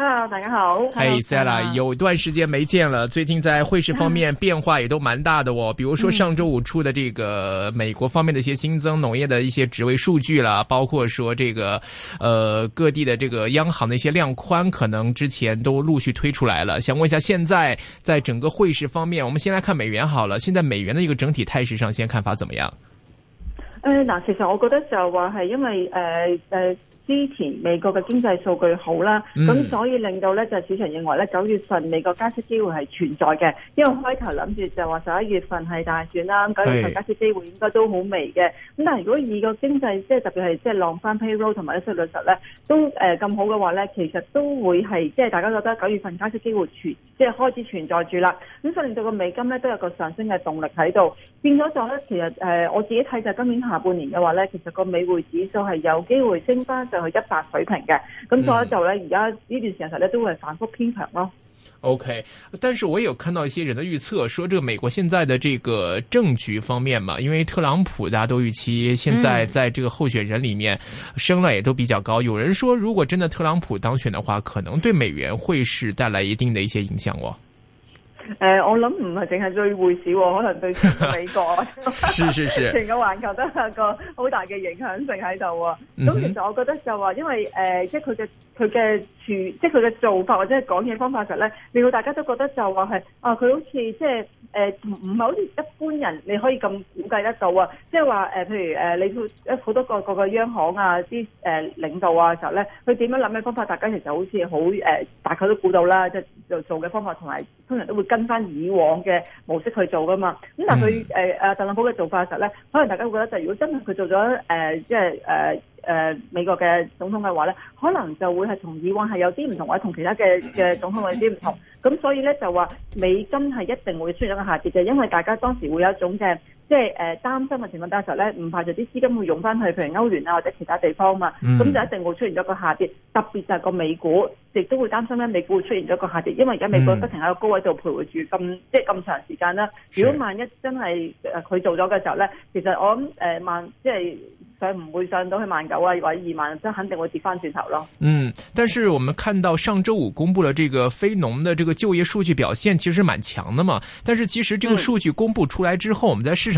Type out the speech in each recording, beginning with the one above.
Hello，大家好。Hey，Stella，有一段時間沒見了，最近在匯市方面變化也都蠻大的哦。比如說上周五出的這個美國方面的一些新增農業的一些職位數據啦，包括說這個，呃，各地的這個央行的一些量寬，可能之前都陸續推出來了。想問一下，現在在整個匯市方面，我們先來看美元好了。現在美元的一個整體態勢上，先看法怎麼樣？誒、呃，那其實我覺得就話係因為呃呃。呃之前美國嘅經濟數據好啦，咁、嗯、所以令到咧就係、市場認為咧九月份美國加息機會係存在嘅，因為開頭諗住就話十一月份係大選啦，九月份加息機會應該都好微嘅。咁但係如果以個經濟即係特別係即係浪翻 payroll 同埋一啲律實咧，都誒咁、呃、好嘅話咧，其實都會係即係大家覺得九月份加息機會存即係開始存在住啦。咁所以令到個美金咧都有個上升嘅動力喺度，變咗就咧，其實誒、呃、我自己睇就係今年下半年嘅話咧，其實個美匯指數係有機會升翻去一百水平嘅，咁所以就咧，而家呢段時間實咧都會反覆偏強咯、哦。Okay，但是我有看到一些人的預測，說這個美國現在的這個政局方面嘛，因為特朗普大家都預期現在在這個候選人裏面，聲量也都比較高。嗯、有人說，如果真的特朗普當選的話，可能對美元會是帶來一定的一些影響哦。誒，我諗唔係淨係對匯市，可能對美國，係係係，成個環球都有個好大嘅影響性喺度。咁其實我覺得就話，因為誒，即係佢嘅佢嘅處，即係佢嘅做法或者係講嘢方法嘅時候咧，令到大家都覺得就話係啊，佢好似即係誒，唔唔係好似一般人你可以咁估計得到啊。即係話誒，譬如誒，你好好多個個嘅央行啊，啲誒領導啊嘅時候咧，佢點樣諗嘅方法，大家其實好似好誒，大家都估到啦。即係做做嘅方法，同埋通常都會跟。翻以往嘅模式去做㗎嘛，咁、嗯、但係佢誒阿特朗普嘅做法嘅時候咧，可能大家會覺得就如果真係佢做咗誒，即係誒誒美國嘅總統嘅話咧，可能就會係同以往係有啲唔同，或者同其他嘅嘅總統有啲唔同，咁所以咧就話美金係一定會出現一個下跌嘅，因為大家當時會有一種嘅。即係誒擔心嘅情況底下嘅時候咧，唔怕就啲資金會用翻去譬如歐元啊或者其他地方嘛，咁、嗯、就一定會出現咗個下跌，特別就係個美股亦都會擔心咧，美股會出現咗個下跌，因為而家美股不停喺個高位度徘徊住咁即係咁長時間啦。如果萬一真係誒佢做咗嘅時候咧，其實我諗誒萬即係上唔會上到去萬九啊或者二萬、啊，即係肯定會跌翻轉頭咯。嗯，但是我們看到上周五公布了這個非農的這個就業數據表現其實係蠻強的嘛，但是其實這個數據公布出來之後，嗯、我們在市場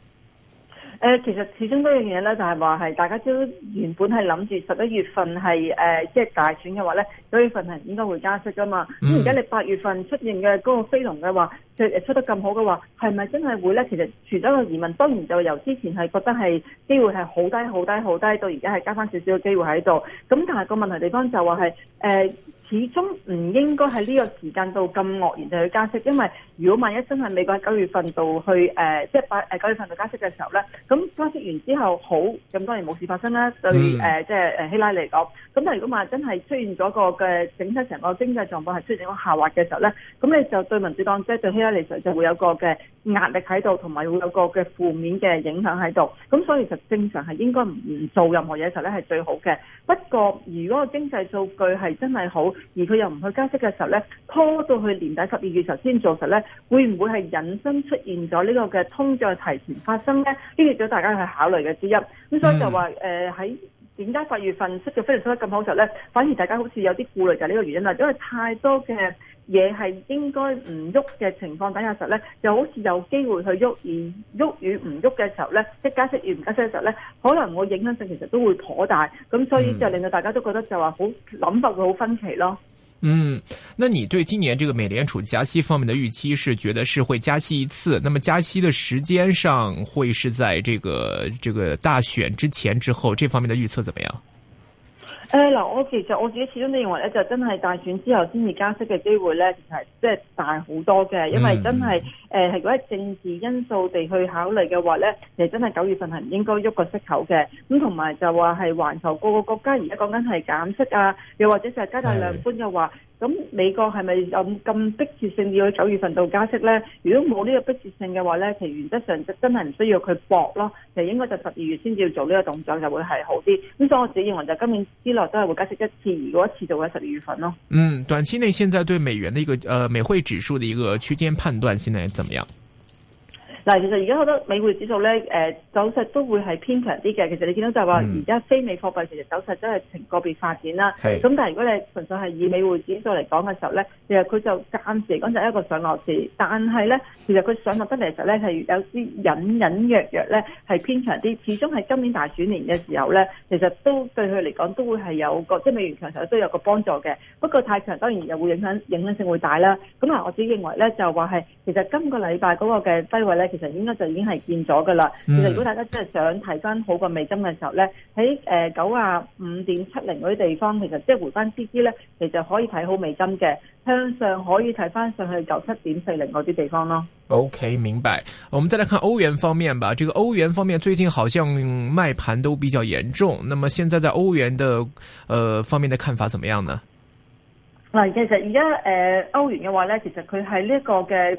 誒、呃，其實始終嗰樣嘢咧，就係、是、話係大家都原本係諗住十一月份係誒，即係大選嘅話咧，九月份係應該會加息㗎嘛。咁而家你八月份出現嘅嗰個非農嘅話，即係出得咁好嘅話，係咪真係會咧？其實除咗個疑問，當然就由之前係覺得係機會係好低、好低、好低，到而家係加翻少少嘅機會喺度。咁但係個問題的地方就話係誒。呃始終唔應該喺呢個時間度咁愕然就去加息，因為如果萬一真係美國喺九月份度去誒，即係八誒九月份度加息嘅時候咧，咁加息完之後好咁多年冇事發生啦，對誒即係誒希拉里嚟講，咁但係如果萬一真係出現咗個嘅整體成個經濟狀況係出現咗下滑嘅時候咧，咁你就對民主黨即係對希拉里就就會有個嘅。壓力喺度，同埋會有個嘅負面嘅影響喺度。咁所以就正常係應該唔做任何嘢時候咧，係最好嘅。不過如果經濟數據係真係好，而佢又唔去加息嘅時候咧，拖到去年底十二月時候先做實咧，會唔會係引申出現咗呢個嘅通脹提前發生咧？呢啲都大家去考慮嘅之一。咁所以就話喺點解八月份息就非常之咁好時候咧，反而大家好似有啲顧慮就係呢個原因啦，因為太多嘅。嘢係應該唔喐嘅情況底下，實咧就好似有機會去喐，而喐與唔喐嘅時候咧，即加息與唔加息嘅時候咧，可能我影響性其實都會頗大，咁所以就令到大家都覺得就話好諗法會好分歧咯。嗯，那你對今年這個美聯儲加息方面的預期是覺得是會加息一次？那麼加息的時間上會是在這個這個大選之前之後？這方面的預測怎麼樣？誒、呃、嗱，我其實我自己始終都認為咧，就真係大選之後先至加息嘅機會咧，其實即係大好多嘅，因為真係誒、嗯呃，如果係政治因素地去考慮嘅話咧，其實真係九月份係唔應該喐個息口嘅。咁同埋就話係環球個個國家而家講緊係減息啊，又或者就係加大量寬嘅話，咁、嗯、美國係咪有咁迫切性要去九月份度加息咧？如果冇呢個迫切性嘅話咧，其實原則上就真係唔需要佢搏咯。其實應該就十二月先至要做呢個動作就會係好啲。咁所以我自己認為就今年之內。都係會加息一次，如果一次就會喺十二月份咯。嗯，短期內現在對美元的一個，呃美匯指數的一個區間判斷，現在怎麼樣？嗱，其實而家好多美匯指數咧，誒、呃、走勢都會係偏強啲嘅。其實你見到就係話，而家非美貨幣其實走勢都係呈個別發展啦。咁、嗯、但係如果你純粹係以美匯指數嚟講嘅時候咧，其實佢就暫時嚟講就係一個上落市，但係咧，其實佢上落得嚟實咧係有啲隱隱約約咧係偏強啲。始終係今年大選年嘅時候咧，其實都對佢嚟講都會係有個即係美元強頭都有個幫助嘅。不過太強當然又會影響影響性會大啦。咁啊，我自己認為咧就話係其實今個禮拜嗰個嘅低位咧。嗯、其實應該就已經係見咗噶啦。其實如果大家真係想睇翻好過美金嘅時候咧，喺誒九啊五點七零嗰啲地方，其實即係回翻啲啲咧，其實可以睇好美金嘅，向上可以睇翻上去九七點四零嗰啲地方咯。OK，明白。我們再來看歐元方面吧。這個歐元方面最近好像賣盤都比較嚴重。那麼現在在歐元的，呃，方面的看法怎麼樣呢？嗱，其實而家誒歐元嘅話咧，其實佢喺呢一個嘅一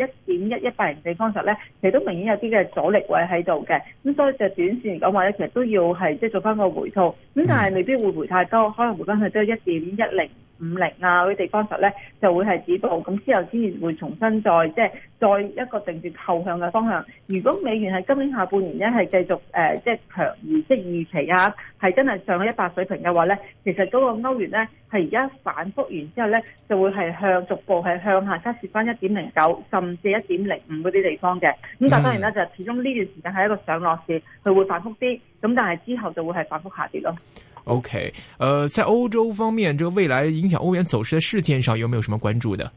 點一一八零平方石咧，其實都明顯有啲嘅阻力位喺度嘅，咁所以就短線講話咧，其實都要係即係做翻個回吐，咁但係未必會回太多，可能回翻去都係一點一零五零啊嗰啲地方就咧就會係止步，咁之後先至會重新再即係、就是、再一個定住後向嘅方向。如果美元係今年下半年咧係繼續誒、呃、即係強，而即係預期啊，係真係上咗一百水平嘅話咧，其實嗰個歐元咧係而家反覆完之後咧就會係向逐步係向下測試返一點零九甚至一點零五嗰啲地方嘅。咁但係當然啦，就始終呢段時間係一個上落市，佢會反覆啲。咁但係之後就會係反覆下跌咯。O、okay, K，呃，在歐洲方面，這個、未來影響歐元走勢嘅事件上，有沒有什麼關注的？誒、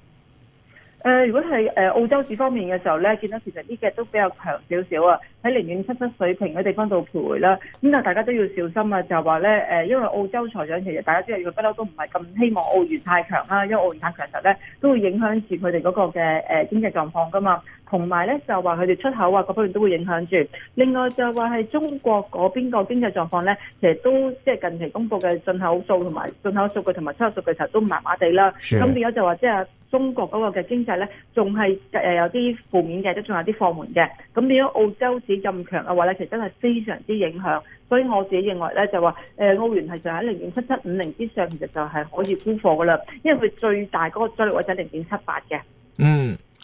呃，如果係誒、呃、澳洲市方面嘅時候呢，見到其實呢隻都比較強少少啊，喺零點七七水平嘅地方度徘徊啦。咁但大家都要小心啊，就話呢，誒、呃，因為澳洲財長其實大家知道佢不嬲都唔係咁希望澳元太強啦、啊，因為澳元太強時呢都會影響住佢哋嗰個嘅誒、呃、經濟狀況噶嘛。同埋咧就話佢哋出口啊各方面都會影響住。另外就話係中國嗰邊個經濟狀況咧，其實都即係近期公布嘅進口數同埋進口數據同埋出口數據其實都麻麻地啦。咁變咗就話即係中國嗰個嘅經濟咧，仲係有啲負面嘅，即仲有啲放緩嘅。咁變咗澳洲市咁強嘅話咧，其實真係非常之影響。所以我自己認為咧就話、呃、澳元係就喺零點七七五零之上，其實就係可以沽貨噶啦，因為佢最大嗰個阻力位就係零點七八嘅。嗯、mm.。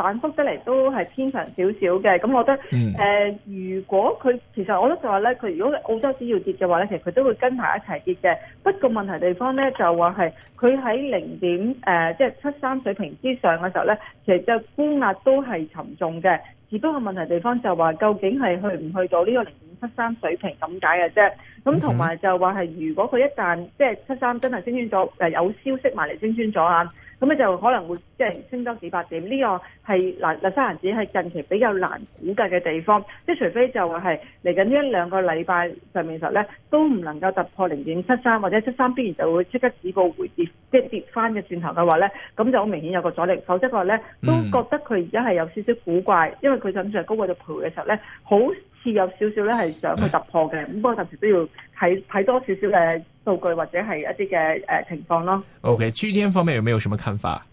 反覆得嚟都係偏強少少嘅，咁我覺得誒，如果佢其實我覺得就話咧，佢如果澳洲只要跌嘅話咧，其實佢都會跟埋一齊跌嘅。不過問題地方咧就話係佢喺零點誒，即係七三水平之上嘅時候咧，其實就沽壓都係沉重嘅。只不過問題地方就話究竟係去唔去到呢個零點七三水平咁解嘅啫。咁同埋就話係如果佢一旦即係七三真係升穿咗，誒有消息埋嚟升穿咗啊！咁你就可能會即係升多幾百點，呢個係嗱，紐西蘭紙係近期比較難估計嘅地方，即除非就話係嚟緊呢一兩個禮拜上面時候咧，都唔能夠突破零點七三或者七三，必然就會即刻止步回跌，即跌翻嘅轉頭嘅話咧，咁就好明顯有個阻力。否則話咧，都覺得佢而家係有少少古怪，因為佢身上高位就徘徊嘅時候咧，好。有少少咧，係想去突破嘅，咁不過暫時都要睇睇多少少嘅數據或者係一啲嘅誒情況咯。OK，區間方面有冇有什麼看法？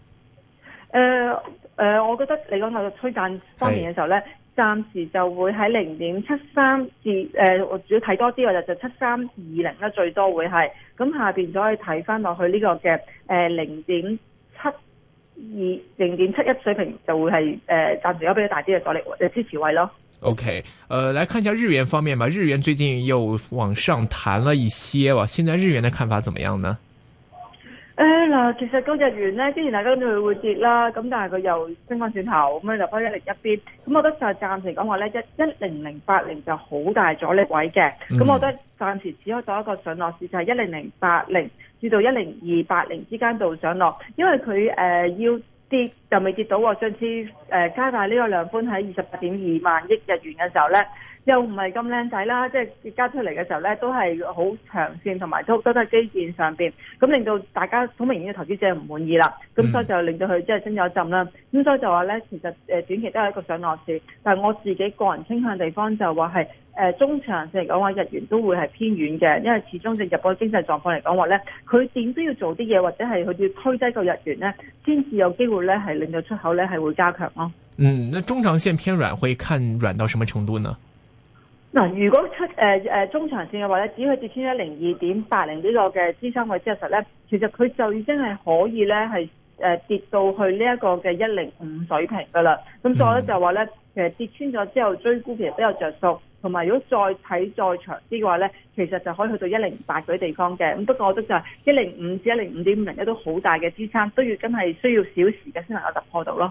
誒、呃、誒、呃，我覺得你講到推薦方面嘅時候咧，暫時就會喺零點七三至誒，我主要睇多啲，我就就七三二零啦，最多會係咁下邊就可以睇翻落去呢個嘅誒零點七二、零點七一水平就會係誒暫時有比較大啲嘅阻力支持位咯。O.K.，呃，來看一下日元方面吧，日元最近又往上彈了一些喎，現在日元的看法怎麼樣呢？誒嗱，其實高日元呢，之前大家都認為會跌啦，咁但係佢又升翻轉頭，咁樣就翻一零一邊，咁我覺得就暫時講話咧，一一零零八零就好大阻力位嘅，咁我覺得暫時只開咗一個上落市就係一零零八零至到一零二八零之間度上落，因為佢誒、呃、要。跌就未跌到喎、啊，上次誒、呃、加大呢個量寬喺二十八點二萬億日元嘅時候咧。又唔係咁靚仔啦，即係結交出嚟嘅時候咧，都係好長線同埋都都都係基建上面，咁令到大家好明顯嘅投資者唔滿意啦，咁所以就令到佢即係真有浸啦，咁、嗯、所以就話咧，其實誒短期都係一個上落市，但係我自己個人傾向的地方就話係誒中長線嚟講話日元都會係偏軟嘅，因為始終就日本經濟狀況嚟講話咧，佢點都要做啲嘢或者係佢要推低個日元咧，先至有機會咧係令到出口咧係會加強咯、哦。嗯，那中長線偏軟，會看軟到什麼程度呢？嗱，如果出誒誒、呃、中長線嘅話咧，只要佢跌穿一零二點八零呢個嘅支撐位之後實咧，其實佢就已經係可以咧係誒跌到去呢一個嘅一零五水平噶啦。咁所以咧就話咧、嗯，其實跌穿咗之後追沽其實都有着數。同埋如果再睇再長啲嘅話咧，其實就可以去到一零八嗰啲地方嘅。咁不過我得就係一零五至一零五點五零呢，都好大嘅支撐，都要真係需要少時間先能夠突破到咯。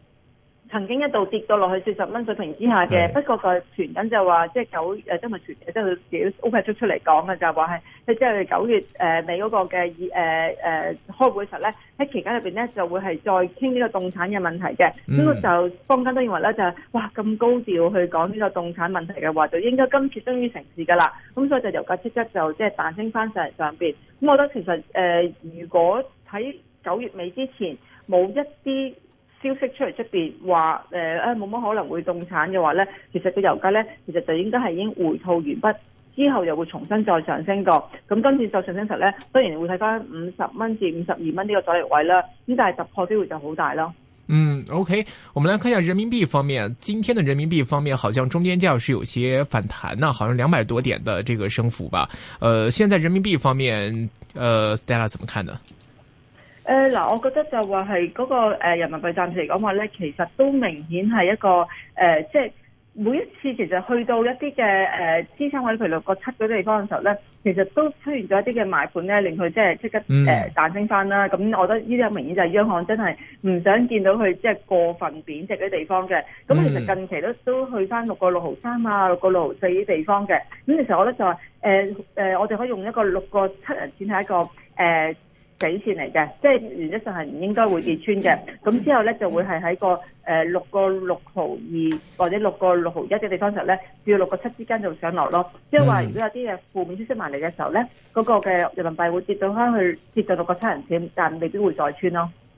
曾經一度跌到落去四十蚊水平之下嘅，不過個傳人就話，即係九誒，即、呃、係傳人，即係佢幾 OPEC 出嚟講嘅就話、是、係，即係九月誒尾嗰個嘅誒開開會時咧，喺期間入面咧就會係再傾呢個動產嘅問題嘅，咁、嗯、就坊間都認為咧就係哇咁高調去講呢個動產問題嘅話，就應該今次終於成事噶啦，咁所以就油價即刻就即係彈升翻上嚟上邊，咁我覺得其實誒、呃，如果喺九月尾之前冇一啲消息出嚟出邊話，誒誒冇乜可能會凍產嘅話咧，其實個油價咧其實就應該係已經回吐完畢，之後又會重新再上升過。咁今次再上升實咧，當然會睇翻五十蚊至五十二蚊呢個阻力位啦，呢但係突破機會就好大咯。嗯，OK，我們來看一下人民幣方面，今天的人民幣方面好像中間價是有些反彈呐、啊，好像兩百多點的這個升幅吧。呃，現在人民幣方面，呃，Stella 怎麼看呢？誒、呃、嗱，我覺得就話係嗰個、呃、人民幣暫時嚟講話咧，其實都明顯係一個誒、呃，即係每一次其實去到一啲嘅誒支撐位，譬如六個七嗰啲地方嘅時候咧，其實都出現咗一啲嘅買盤咧，令佢即係即，即刻誒彈升翻啦。咁、呃、我覺得呢啲有明顯就係央行真係唔想見到佢即係過分貶值嗰啲地方嘅。咁其實近期都都去翻六個六毫三啊，六個六毫四啲地方嘅。咁其實我覺得就話、是呃呃、我哋可以用一個六個七人錢係一個誒。呃底線嚟嘅，即係原則上係唔應該會跌穿嘅。咁之後咧就會係喺個誒六個六毫二或者六個六毫一嘅地方時咧，至六個七之間就上落咯。即係話如果有啲嘅負面消息埋嚟嘅時候咧，嗰個嘅人民幣會跌到翻去跌到六個七人線，但未必會再穿咯。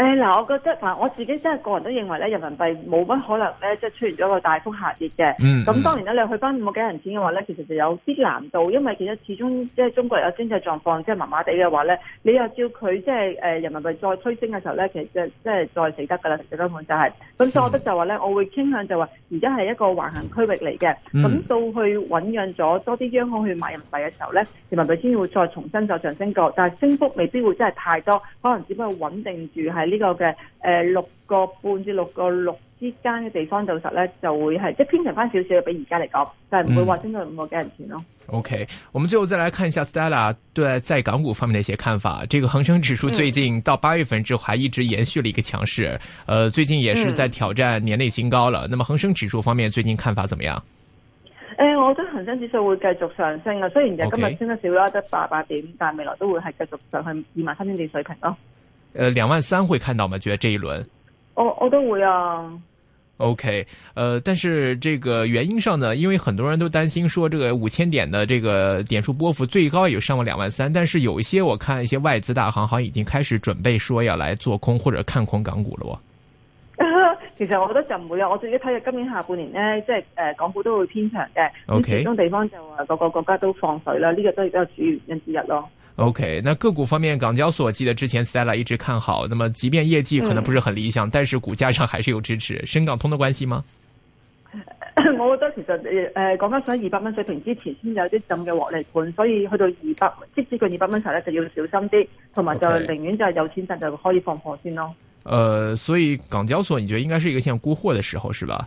誒、哎、嗱，我覺得嗱，我自己真係個人都認為咧，人民幣冇乜可能咧，即係出現咗個大幅下跌嘅。咁、嗯嗯、當然咧，你去翻冇幾個人錢嘅話咧，其實就有啲難度，因為其實始終即係、就是、中國有經濟狀況即係麻麻地嘅話咧，你又照佢即係人民幣再推升嘅時候咧，其實、就是、即係再死得㗎啦，其實根本就係、是。咁所以我覺得就話咧、嗯，我會傾向就話而家係一個橫行區域嚟嘅。咁、嗯嗯、到去醞釀咗多啲央行去買人民幣嘅時候咧，人民幣先會再重新就上升過，但係升幅未必會真係太多，可能只不過穩定住喺。呢、這個嘅誒六個半至六個六之間嘅地方就實咧，就會係即係偏上翻少少嘅，比而家嚟講，但係唔會話真係五個幾人錢咯。OK，我們最後再來看一下 Stella 對在港股方面的一些看法。這個恆生指數最近到八月份之後，還一直延續了一個強勢，嗯呃，最近也是在挑戰年內新高了，嗯。那麼恆生指數方面最近看法怎麼樣？誒、呃，我覺得恆生指數會繼續上升呀，雖然就今日升得少啦，得八八點，但未來都會係繼續上去二萬三千點水平咯。呃兩萬三會看到嗎？覺得這一輪，我我都會啊。OK，呃但是這個原因上呢，因為很多人都擔心說，這個五千點的這個點數波幅最高有上過兩萬三，但是有一些，我看一些外資大行，好像已經開始準備說要來做空或者看空港股了喎。其實我覺得就唔會啊，我自己睇嘅今年下半年呢，即係、呃、誒港股都會偏強嘅。OK，其中地方就話各個國家都放水啦，呢、這個都亦都有主要原因之一咯。OK，那個股方面，港交所記得之前 Stella 一直看好，那麼即便業績可能不是很理想，嗯、但是股價上還是有支持。深港通的關係嗎？我覺得其實誒誒，講緊上二百蚊水平之前先有啲咁嘅獲利盤，所以去到二百，接近個二百蚊時咧就要小心啲，同埋就寧願就係有錢賺就可以放貨先咯。Okay, 呃，所以港交所你覺得應該是一個像沽貨的時候是吧？